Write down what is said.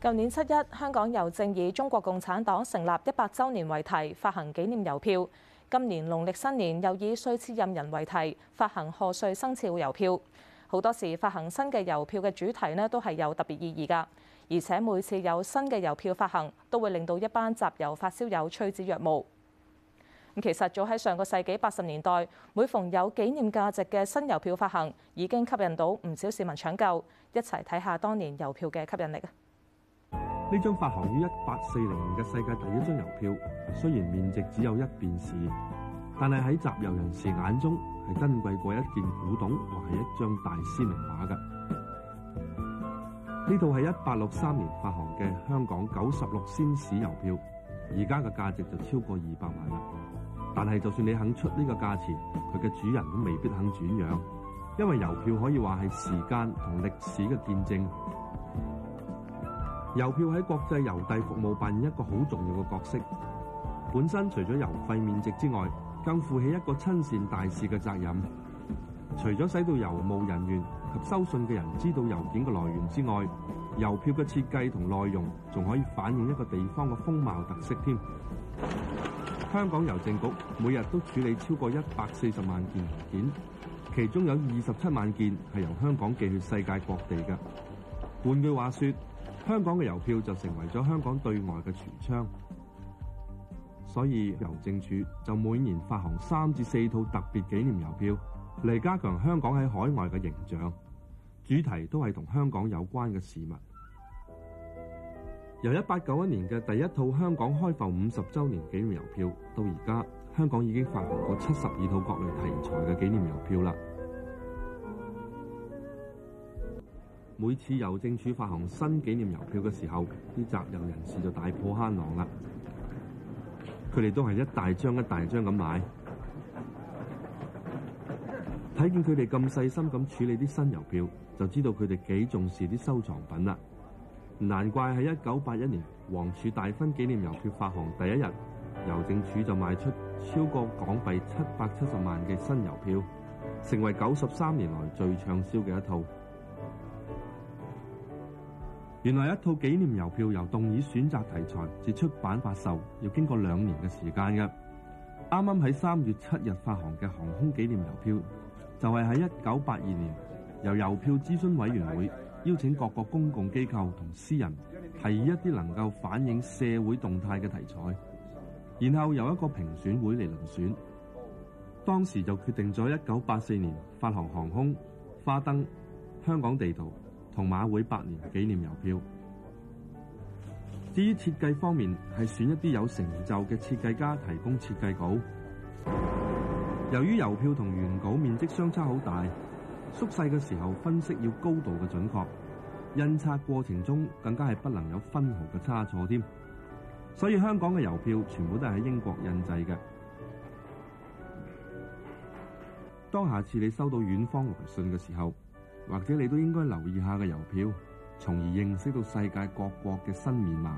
舊年七一，香港郵政以中國共產黨成立一百週年為題發行紀念郵票。今年農曆新年又以歲次壬寅為題發行賀歲生肖郵票。好多時發行新嘅郵票嘅主題呢都係有特別意義㗎，而且每次有新嘅郵票發行，都會令到一班集郵發燒友趨之若鶩。咁其實早喺上個世紀八十年代，每逢有紀念價值嘅新郵票發行，已經吸引到唔少市民搶購，一齊睇下當年郵票嘅吸引力。呢張發行於一八四零年嘅世界第一張郵票，雖然面值只有一便士，但係喺集郵人士眼中係珍貴過一件古董或係一張大師名畫嘅。呢套係一八六三年發行嘅香港九十六仙士郵票，而家嘅價值就超過二百萬啦。但係就算你肯出呢個價錢，佢嘅主人都未必肯轉讓，因為郵票可以話係時間同歷史嘅見證。郵票喺國際郵遞服務扮演一個好重要嘅角色，本身除咗郵費面值之外，更負起一個親善大使嘅責任。除咗使到郵務人員及收信嘅人知道郵件嘅來源之外，郵票嘅設計同內容仲可以反映一個地方嘅風貌特色添。香港郵政局每日都處理超過一百四十萬件郵件，其中有二十七萬件係由香港寄去世界各地嘅。換句話說，香港嘅郵票就成為咗香港對外嘅櫥窗，所以郵政署就每年發行三至四套特別紀念郵票，嚟加強香港喺海外嘅形象。主題都係同香港有關嘅事物。由一八九一年嘅第一套香港開埠五十週年紀念郵票到而家，香港已經發行過七十二套各類題材嘅紀念郵票啦。每次郵政署發行新紀念郵票嘅時候，啲集郵人士就大破慳囊啦。佢哋都係一大張一大張咁買，睇見佢哋咁細心咁處理啲新郵票，就知道佢哋幾重視啲收藏品啦。難怪喺一九八一年王儲大婚紀念郵票發行第一日，郵政署就賣出超過港幣七百七十萬嘅新郵票，成為九十三年來最暢銷嘅一套。原來一套紀念郵票由動議選擇題材至出版發售，要經過兩年嘅時間嘅。啱啱喺三月七日發行嘅航空紀念郵票，就係喺一九八二年，由郵票諮詢委員會邀請各個公共機構同私人提議一啲能夠反映社會動態嘅題材，然後由一個評選會嚟遴選。當時就決定咗一九八四年發行航空花燈、香港地圖。同馬會百年紀念郵票。至於設計方面，係選一啲有成就嘅設計家提供設計稿。由於郵票同原稿面積相差好大，縮細嘅時候分析要高度嘅準確，印刷過程中更加係不能有分毫嘅差錯添。所以香港嘅郵票全部都係喺英國印製嘅。當下次你收到遠方來信嘅時候，或者你都應該留意下嘅郵票，從而認識到世界各國嘅新面貌。